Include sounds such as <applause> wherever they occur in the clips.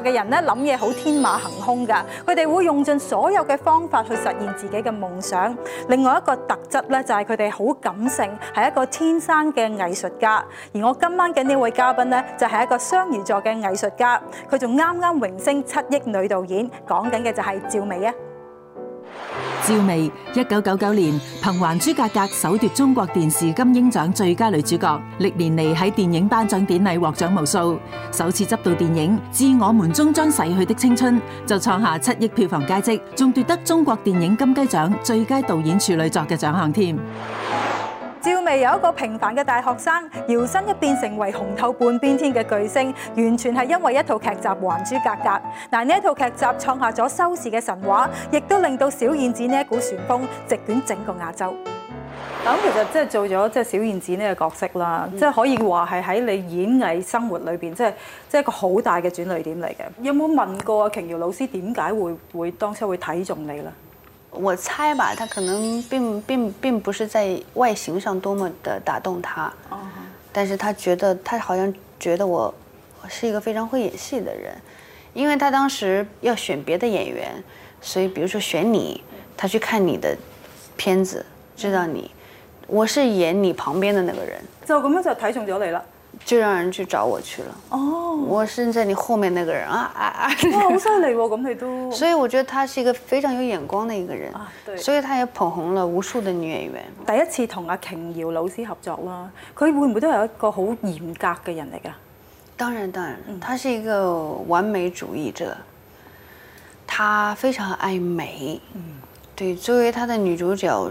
嘅人咧，諗嘢好天馬行空噶，佢哋會用盡所有嘅方法去實現自己嘅夢想。另外一個特質咧，就係佢哋好感性，係一個天生嘅藝術家。而我今晚嘅呢位嘉賓咧，就係一個雙魚座嘅藝術家，佢仲啱啱榮升七億女導演。講緊嘅就係趙薇啊！趙薇，一九九九年憑《還珠格格》首奪中國電視金鷹獎最佳女主角，歷年嚟喺電影頒獎典禮獲獎無數。首次執導電影《致我們終將逝去的青春》，就創下七億票房佳績，仲奪得中國電影金雞獎最佳導演處女作嘅獎項添。趙薇由一個平凡嘅大學生，搖身一變成為紅透半邊天嘅巨星，完全係因為一套劇集《還珠格格》。嗱，呢一套劇集創下咗收視嘅神話，亦都令到小燕子呢一股旋風席捲整個亞洲。咁其實即係做咗即係小燕子呢個角色啦，即係可以話係喺你演藝生活裏邊，即係即係一個好大嘅轉捩點嚟嘅。有冇問過阿瓊瑤老師點解會會當初會睇中你呢？我猜吧，他可能並並並不是在外形上多麼的打動他，哦嗯、但是他覺得他好像覺得我，是一個非常會演戲的人，因為他當時要選別的演員，所以比如說選你，他去看你的片子，知道你，嗯、我是演你旁邊的那個人，就咁樣就睇中咗你了。就讓人去找我去了。哦，oh, 我是在你後面那個人啊啊！哇、啊，好犀利喔！咁你都……所以我覺得他是一個非常有眼光的一個人。啊，對。所以他也捧紅了無數的女演員。第一次同阿瓊瑤老師合作啦，佢會唔會都係一個好嚴格嘅人嚟噶？當然當然，他是一個完美主義者。他非常愛美。嗯。對，作為他的女主角。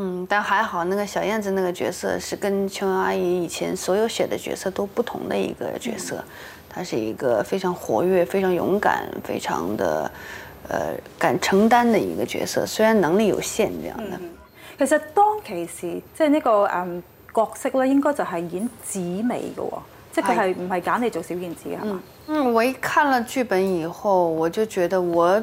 嗯，但還好，那個小燕子那個角色是跟瓊瑤阿姨以前所有寫的角色都不同的一個角色，嗯、她是一個非常活躍、非常勇敢、非常的，呃，敢承擔的一個角色，雖然能力有限這樣的，嗯。其實當其時，即係、這、呢個嗯、呃、角色咧，應該就係演紫薇嘅、哦，即係佢係唔係揀你做小燕子嘅嘛？嗯，吧嗯，我一看了劇本以後，我就覺得我。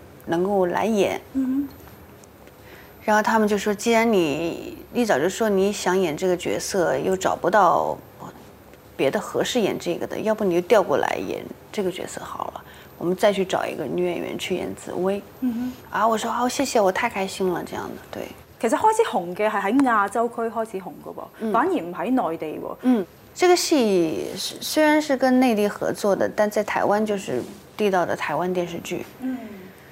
能夠來演，嗯，然後他們就說：“既然你一早就說你想演這個角色，又找不到別的合適演這個的，要不你就調過來演這個角色好了。我們再去找一個女演員去演紫薇，嗯哼，啊，我說好、哦，謝謝，我太開心了。這樣的，對，其實開始紅的，是喺亞洲區開始紅噶，反而唔喺內地。嗯，這個戲雖然是跟內地合作的，但在台灣就是地道的台灣電視劇，嗯。”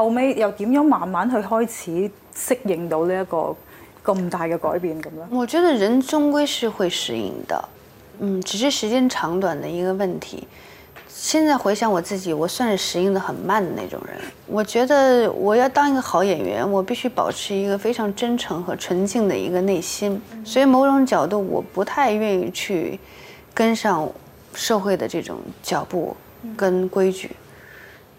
後尾又點樣慢慢去開始適應到呢一個咁大嘅改變？咁樣我覺得人終歸是會適應的，嗯，只是時間長短的一個問題。現在回想我自己，我算是適應得很慢的那種人。我覺得我要當一個好演員，我必須保持一個非常真誠和純淨的一個內心，所以某種角度我不太願意去跟上社會的這種腳步跟規矩。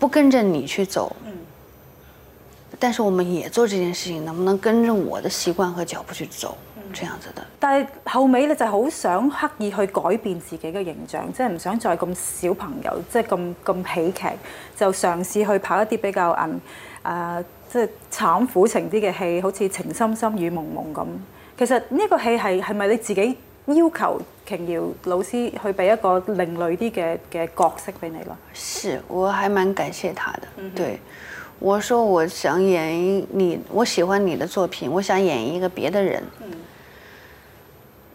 不跟着你去走，嗯、但是我們也做這件事情，能不能跟着我的習慣和腳步去走，嗯、這樣子的。但係後尾呢就好想刻意去改變自己嘅形象，即係唔想再咁小朋友，即係咁咁喜劇，就嘗試去拍一啲比較暗，啊、呃，即係慘苦情啲嘅戲，好似《情深深雨濛濛》咁。其實呢個戲係係咪你自己？要求瓊瑤老師去俾一個另類啲嘅嘅角色俾你咯。是，我還蠻感謝他的。Mm hmm. 對，我說我想演你，我喜歡你的作品，我想演一個別的人。Mm hmm.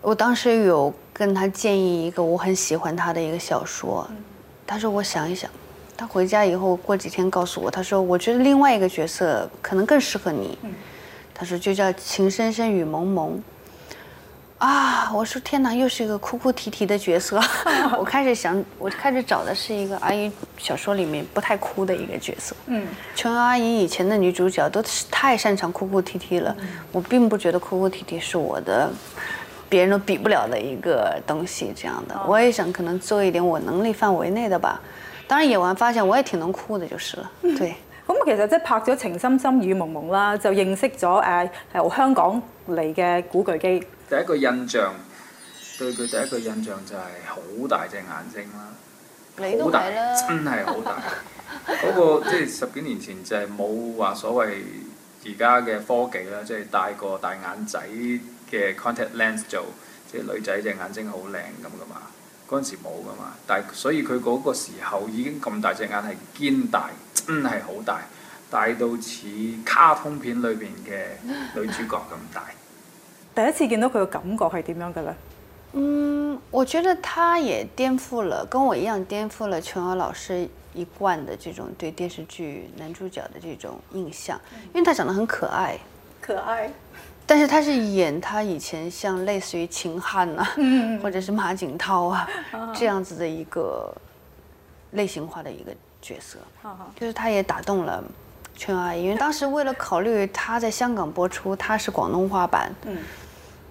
我當時有跟他建議一個我很喜歡他的一個小說，mm hmm. 他說我想一想，他回家以後過幾天告訴我，他說我覺得另外一個角色可能更適合你，mm hmm. 他說就叫情深深雨濛濛。啊！我說天哪，又是一個哭哭啼啼的角色。 <laughs> 我開始想，我開始找的是一個阿姨小說裏面不太哭的一個角色。嗯，瓊瑤阿姨以前的女主角都是太擅長哭哭啼啼了。嗯、我並不覺得哭哭啼啼是我的，別人都比不了的一個東西。這樣的，嗯、我也想可能做一點我能力範圍內的吧。當然演完發現我也挺能哭的，就是了。對，我們、嗯嗯、其實即拍咗《情深深雨濛濛》啦，就認識咗誒，由、呃、香港嚟嘅古巨基。第一個印象，對佢第一個印象就係好大隻眼睛你啦，好大啦，真係好大。嗰、 <laughs> 嗰個即係、就是、十幾年前就係冇話所謂而家嘅科技啦，即、就、係、是、戴個大眼仔嘅 contact lens 做，即、就、係、是、女仔隻眼睛好靚咁噶嘛。嗰陣時冇噶嘛，但係所以佢嗰個時候已經咁大隻眼係堅大，真係好大，大到似卡通片裏邊嘅女主角咁大。 <laughs> 第一次見到佢嘅感覺係點樣嘅呢？嗯，我覺得他也顛覆了，跟我一樣顛覆了瓊瑤老師一貫的這種對電視劇男主角的這種印象，嗯、因為他長得很可愛，可愛。但是他是演他以前像類似於秦漢啊，嗯、或者是馬景濤啊、嗯、這樣子的一個類型化的一個角色。嗯、就是他也打動了瓊瑤阿姨，嗯、因為當時為了考慮他在香港播出，他是廣東話版，嗯。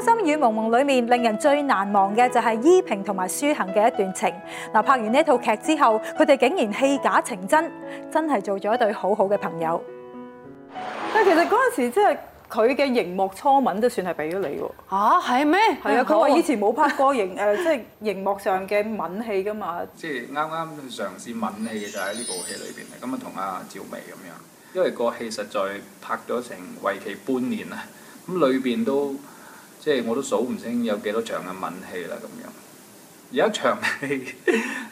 煙雨蒙蒙裏面令人最難忘嘅就係依萍同埋書桓嘅一段情。嗱，拍完呢一套劇之後，佢哋竟然戲假情真，真係做咗一對好好嘅朋友。但係其實嗰陣時，即係佢嘅熒幕初吻都算係俾咗你嘅。吓係咩？係啊，佢話以前冇拍過熒誒，即係熒幕上嘅吻戲噶嘛。即係啱啱嘗試吻戲就喺呢部戲裏邊啦。咁啊同阿趙薇咁樣，因為個戲實在拍咗成為期半年啊，咁裏邊都。即係我都數唔清有幾多場嘅吻戲啦，咁樣有一場戲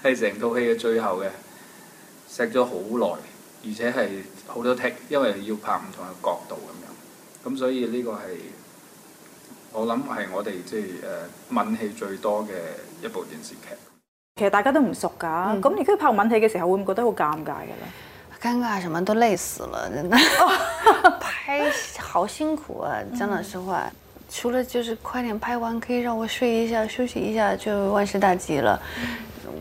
係成套戲嘅最後嘅，錫咗好耐，而且係好多 take，因為要拍唔同嘅角度咁樣，咁所以呢個係我諗係我哋即係誒吻戲最多嘅一部電視劇。其實大家都唔熟㗎，咁而家拍吻戲嘅時候會唔會覺得好尷尬㗎咧？尷尬什麼？都累死了，真的，拍好辛苦啊！講老實話。除了就是快點拍完，可以讓我睡一下、休息一下，就萬事大吉了。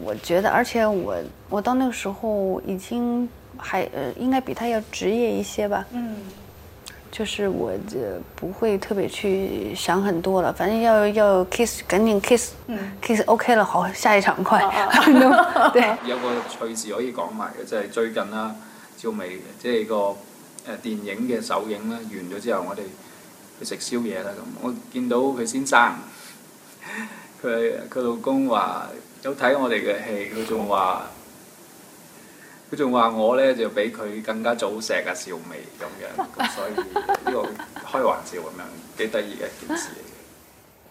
我覺得，而且我我到那個時候已經還呃，應該比他要職業一些吧。嗯，就是我這不會特別去想很多了，反正要要 kiss，趕緊 kiss，kiss、嗯、OK 了，好，下一場快。哦哦 <laughs> 對。 <laughs> 有個趣事可以講埋嘅，就係、是、最近啦，趙薇即係個誒電影嘅首映啦，完咗之後我哋。去食宵夜啦，咁我見到佢先生，佢，佢老公話有睇我哋嘅戲，佢仲話，佢仲話我咧，就比佢更加早錫阿笑眉咁樣，咁所以呢個開玩笑咁樣幾得意嘅一件事。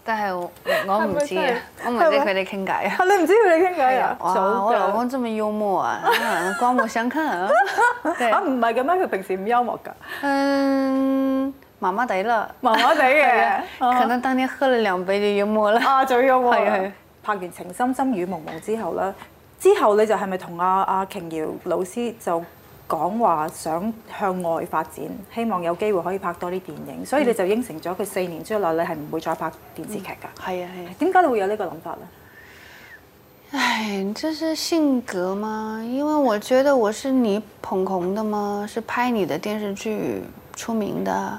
但係我我唔知，我唔知佢哋傾偈啊！你唔知佢哋傾偈啊？哇！我老公咁樣幽默啊，我刮目相看啊！唔係嘅咩？佢平時唔幽默㗎。嗯。麻麻地啦，麻麻地嘅，可能當天喝了兩杯你要摸啦。啊，仲要摸，係係的拍完《情深深雨濛濛》之後啦，之後你就係咪同阿阿瓊瑤老師就講話想向外發展，希望有機會可以拍多啲電影，所以你就應承咗佢四年之內你係唔會再拍電視劇噶。係啊係啊，點解你會有這個想法呢個諗法咧？唉，這是性格嘛，因為我覺得我是你捧紅的嘛？是拍你的電視劇出名的。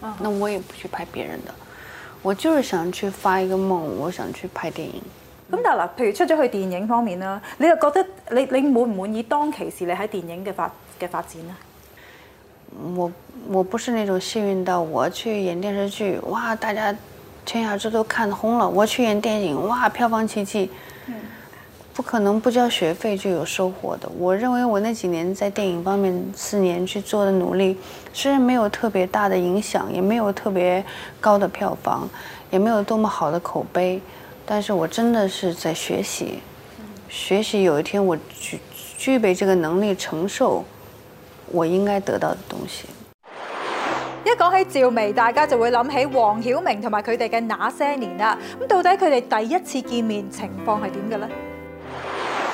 哦、那我也不去拍別人的，我就是想去發一個夢，我想去拍電影。咁、嗯、但係嗱，譬如出咗去電影方面啦，你又覺得你你滿唔滿意當其時你喺電影嘅發嘅發展啊？我我不是那種幸運到我去演電視劇，哇，大家天下之都看紅了；我去演電影，哇，票房奇蹟。嗯不可能不交學費就有收穫的。我認為我那幾年在電影方面四年去做的努力，雖然沒有特別大的影響，也沒有特別高的票房，也沒有多麼好的口碑，但是我真的是在學習，學習。有一天我具具備這個能力承受我應該得到的東西。一講起趙薇，大家就會諗起黃曉明同埋佢哋嘅那些年啦。咁到底佢哋第一次見面情況係點嘅咧？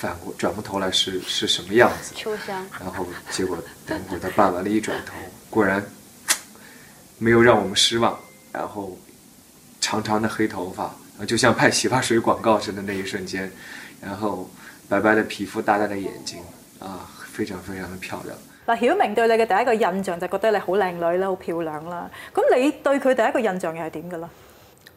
轉過轉過頭來是是什麼樣子？秋香像。然後結果等會他辦完了一，一轉頭果然沒有讓我們失望。然後長長的黑頭髮，就像拍洗髮水廣告似的那一瞬間，然後白白的皮膚，大大的眼睛，啊，非常非常的漂亮。那曉明對你嘅第一個印象就覺得你好靚女啦，好漂亮啦。咁你對佢第一個印象又係點噶啦？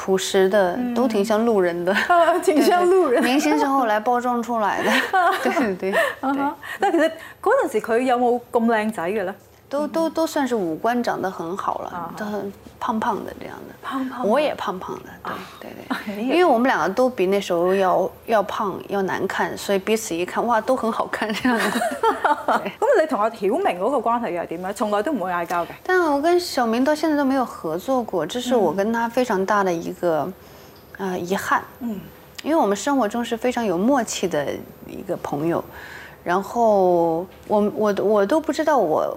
樸實的都挺像路人的，嗯、對挺像路人。明星是後來包裝出來的，對 <laughs> 對。但其實 𠮶 陣時佢有冇咁靚仔嘅咧？都都都算是五官長得很好了，啊、都很胖胖的這樣的，胖胖，我也胖胖的，對對、啊、對，對對 <laughs> 因為我們兩個都比那時候要要胖要難看，所以彼此一看，哇，都很好看這樣子。那你同阿曉明嗰個關係又係點咧？從來都唔會嗌交嘅。但我跟曉明到現在都沒有合作過，這是我跟他非常大的一個，呃，遺憾。嗯，因為我們生活中是非常有默契的一個朋友，然後我我我都不知道我。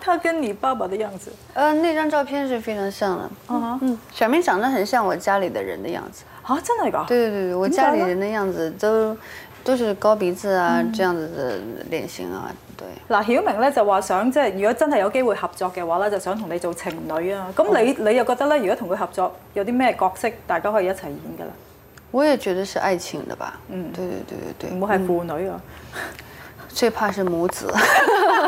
他跟你爸爸的樣子，呃，那張照片是非常像的。啊，嗯，曉明長得很像我家裏的人的樣子。啊，真係㗎？對對對，我家裏人的樣子都都是高鼻子啊，嗯、這樣子的臉型啊，對。嗱，曉明咧就話想即係如果真係有機會合作嘅話咧，就想同你做情侶啊。咁你你又覺得咧，如果同佢合作有啲咩角色，大家可以一齊演㗎啦？我也覺得是愛情的吧。嗯，對對對對對。唔好係父女啊、嗯。最怕是母子。 <laughs>